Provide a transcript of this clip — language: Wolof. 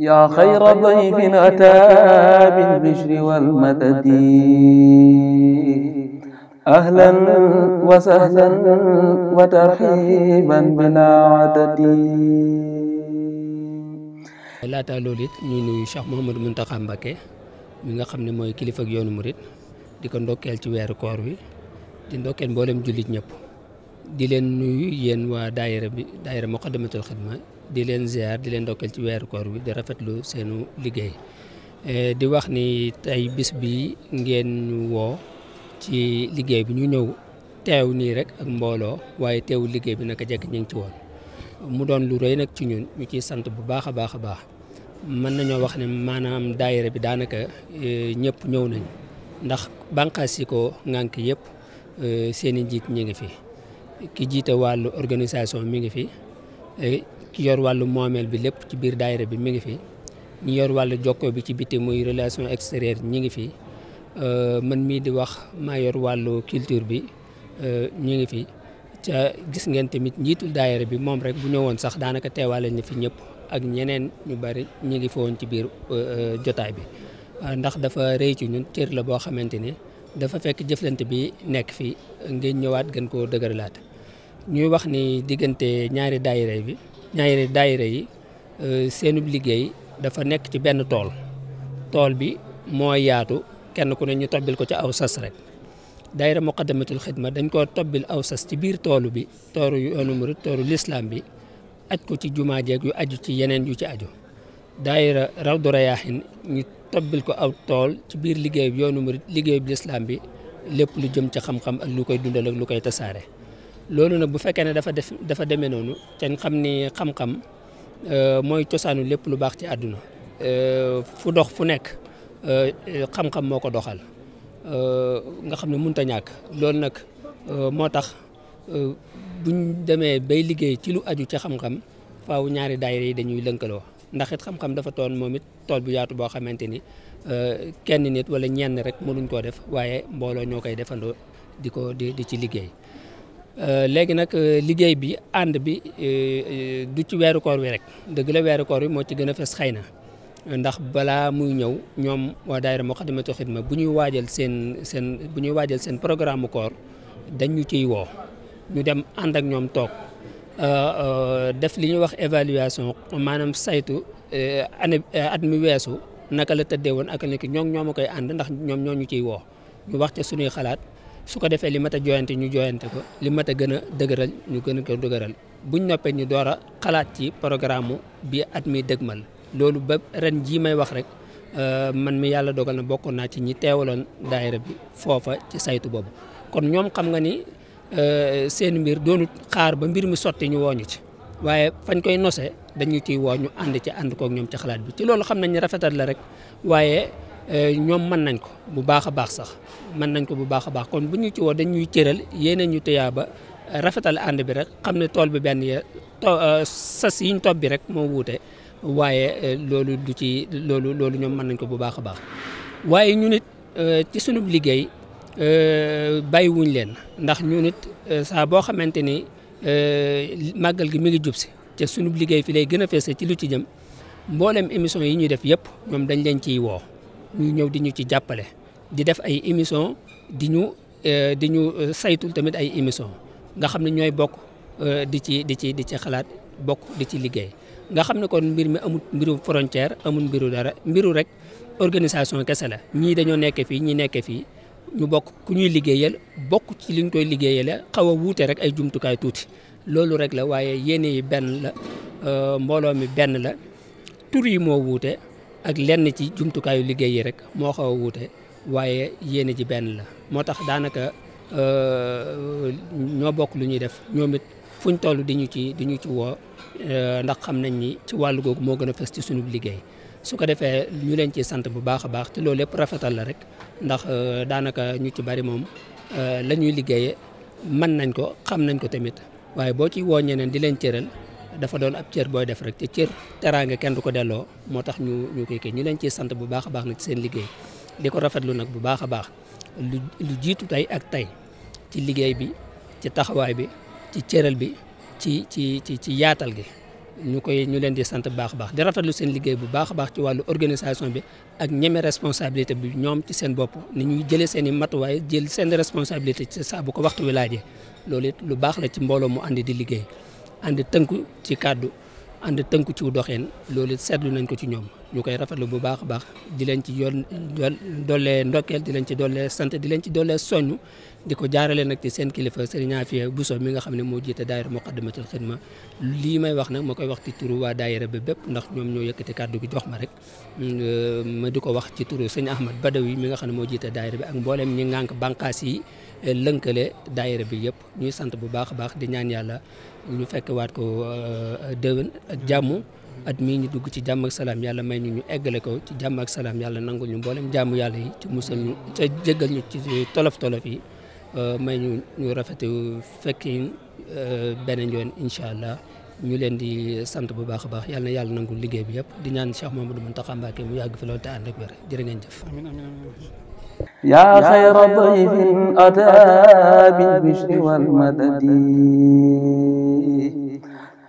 yaa xayra dayfin ataa bil bishri wal madadi ahlan wa sahlan wa tarxiiban bilaa adadi. laata loolu it ñuy nuyu Cheikh Mouhamadou Mountakha Mbacké mi nga xam ne mooy kilifa ak yoonu murit di ko ndokkeel ci weeru koor wi di ndokkeel mboolem jullit ñëpp. di leen nuyu yéen waa daayira bi daayira Moukhaddamatoul Khidma di leen ziar di leen ndokkeel ci weeru koor bi di rafetlu seenu liggéey eh, di wax ni tey bis bi ngeen ñu woo ci liggéey bi ñu ñëw teew nii rek ak mbooloo waaye teewu liggéey bi naka jekk ñu ngi ci woon mu doon lu rëy nag ci ñun ñu ciy sant bu baax a baax a baax mën nañoo wax ne maanaam daayira bi daanaka eh, ñëpp ñëw nañ ndax bànqaas yi ko ŋànk yëpp eh, seeni njiit ñi ngi fi. ki jiite wàllu organisation mi ngi fi eh, ki yor wàllu moomeel bi lépp ci biir daayira bi mi ngi fi ñi yor wàllu jokko bi ci biti muy relation extérieure ñi ngi fi eh, man mii di wax maa yor wàllu culture bi eh, ñi ngi fi ca gis ngeen tamit njiitul daayira bi moom rek bu ñëwoon sax daanaka teewaale na fi ñëpp ak ñeneen ñu bari ñi ngi fowoon ci biir jotaay bi ndax dafa rëy ci ñun cër la boo xamante ni dafa fekk jëflante bi nekk fi ngeen ñëwaat gën koo dëgëralaat ñuy wax ni diggante ñaari daayira bi ñaari daayira yi euh, seenub liggéey dafa nekk ci benn tool tool bi moo yaatu kenn ku ne ñu tobbil ko ci aw sas rek daayira muqaddamatul xidma dañ koo tobbil aw sas ci biir toolu bi toolu yu yoonu murit lislaam bi aj ko ci jumaa jeeg yu aju ci yeneen yu ci aju daayira rawdu rayaaxin ñu tobbil ko aw tool ci biir liggéey bi yoonu murit liggéey bi lislaam bi lépp lu jëm ci xam-xam ak lu koy dundal ak lu koy tasaare loolu nag bu fekkee ne dafa def dafa demee noonu te xam ni xam-xam euh, mooy cosaanu lépp lu baax ci àdduna euh, fu dox fu nekk euh, xam-xam moo ko doxal nga xam ne mënut a ñàkk loolu nag moo tax buñ demee bay liggéey ci lu aju ci xam-xam faaw ñaari daayira yi dañuy lënkaloo ndax it xam dafa toon moom it tool bu yaatu boo xamante ni kenn nit wala ñenn rek mënuñ koo def waaye mbooloo ñoo koy defandoo di ko di di ci liggéey Euh, léegi nag euh, liggéey bi ànd bi euh, du ci weeru koor wi rek dëgg la weeru koor wi moo ci gën a fes xëy na ndax balaa muy ñëw ñoom waa daayira Moukhaddamatoul Khidma bu ñuy waajal seen seen bu ñuy waajal seen programme mu koor dañu ciy woo ñu dem ànd ak ñoom toog def li ñuy wax évaluation maanaam saytu année at mi weesu naka la tëddee woon ak nekk ñoom ñoo ma koy ànd ndax ñoom ñoo ñu ciy woo ñu wax ca suñuy xalaat. su ko defee li mat a jooyante ñu jooyante ko li mat a gën a dëgëral ñu gën a ko bu ñu noppee ñu doora xalaat ci programme bi at mi dëgmal loolu ba ren jii may wax rek euh, man mi yàlla dogal na bokkoon naa ci ñi teewaloon daayira bi foofa ci saytu boobu kon ñoom xam nga ni euh, seen mbir doonut xaar ba mbir mi sotti ñu wooñu ci waaye fañ koy nosee dañuy ciy woo ñu ànd ci ànd kook ñoom ci xalaat bi ci loolu xam nañ rafetal la rek waaye Eh, ñoom mën nañ ko bu baax a baax sax mën nañ ko bu baax a baax kon bu ñu ci woo dañuy cëral yéene ñu tëyaa ba rafetal ànd bi rek xam ne tool bi benn ya eh, sas yiñ topp bi rek moo wuute waaye eh, loolu du ci loolu loolu ñoom mën nañ ko bu baax a baax waaye ñu nit ci sunub liggéey bàyyiwuñ leen ndax ñu nit saa boo xamante ni màggal gi mi ngi jub si te sunub liggéey fi lay gën a fees ci lu ci jëm mboolem émission yi ñuy def yëpp ñoom dañ leen ciy woo ñu ñëw di ñu ci jàppale di def ay émission di ñu euh, di ñu euh, saytul tamit ay émission nga xam ne ñooy bokk euh, di ci di ci di ci xalaat bokk di ci liggéey nga xam ne kon mbir mi amul mbiru frontière amul mbiru dara mbiru rek organisation kese la ñii dañoo nekke fii ñi nekke fii ñu bokk ku ñuy liggéeyal bokk ci liñ koy liggéeyale xaw a wuute rek ay jumtukaay tuuti loolu rek la waaye yéene yi benn la mbooloo mi benn la tur yi moo wuute ak lenn ci jumtukaayu liggéey yi rek moo xaw a wuute waaye yéene ji benn la moo tax daanaka euh, ñoo bokk lu ñuy def ñoom it fuñ toll di ñu ci di ñu ci woo euh, ndax xam nañ ni ci wàll googu moo gën a fës ci sunu liggéey su ko defee ñu leen ci sant bu baax a baax te loolu lépp rafetal la rek ndax euh, daanaka ñu ci bari moom la ñuy liggéeyee mën nañ ko xam nañ ko tamit waaye boo ci woo ñeneen di leen cëral dafa doon ab cër booy def rek te cër teraange kenn du ko delloo moo tax ñu ñu koy kii ñu leen ciy sant bu baax a baax nag seen liggéey ko rafetlu nag bu baax a baax lu lu jiitu tey ak tey ci liggéey bi ci taxawaay bi ci cëral bi ci ci ci ci yaatal gi ñu koy ñu leen di sant bu baax a baax di rafetlu seen liggéey bu baax a baax ci wàllu organisation bi ak ñeme responsabilité bi ñoom ci seen bopp ni ñuy jëlee seen i matuwaay jël seen responsabilité ci saa bu ko waxtu wi laajee loolu it lu baax la ci mbooloo mu àndi di liggéey ànd tënku ci kàddu ànd tënku ci doxeen loolu seetlu nañ ko ci ñoom ñu koy rafetlu bu baax a baax di leen ci yoon dollee ndokkeel di leen ci dollee sant di leen ci dollee soññ di ko jaarale nag ci seen kilifa Serigne Afia Bousso mi nga xam ne moo jiite daayira Muqaddamatul Xidma lii may wax nag ma koy wax ci turu waa daayira bépp ndax ñoom ñoo kàddu gi jox ma rek ma di ko wax ci turu sëñ Ahmad Badawi mi nga xam ne moo jiite daayira bi ak mboolem ñi ngànk bànqaas yi eh, lënkale daayira bi yëpp ñuy sant bu baax a baax di ñaan yàlla ñu fekk waat ko eh, déwén ak jàmm at mii dugg ci jàmm salaam yàlla may ñu ñu eggale ko ci jàmm salaam yàlla nangul ñu mboolem jàmm yàlla yi ci musal ñu ca jéggal ñu ci tolof tolof yi euh, may ñu ñu rafete fekki euh, beneen yoon incha ñu leen di sant bu baax a baax yàlla na yàlla liggéey bi yëpp di ñaan Cheikh Mamadou Mountakha Mbacké mu yàgg fi te ànd ak wér jërë ngeen jëf yaa xayra dayfin ataa bil wal madadi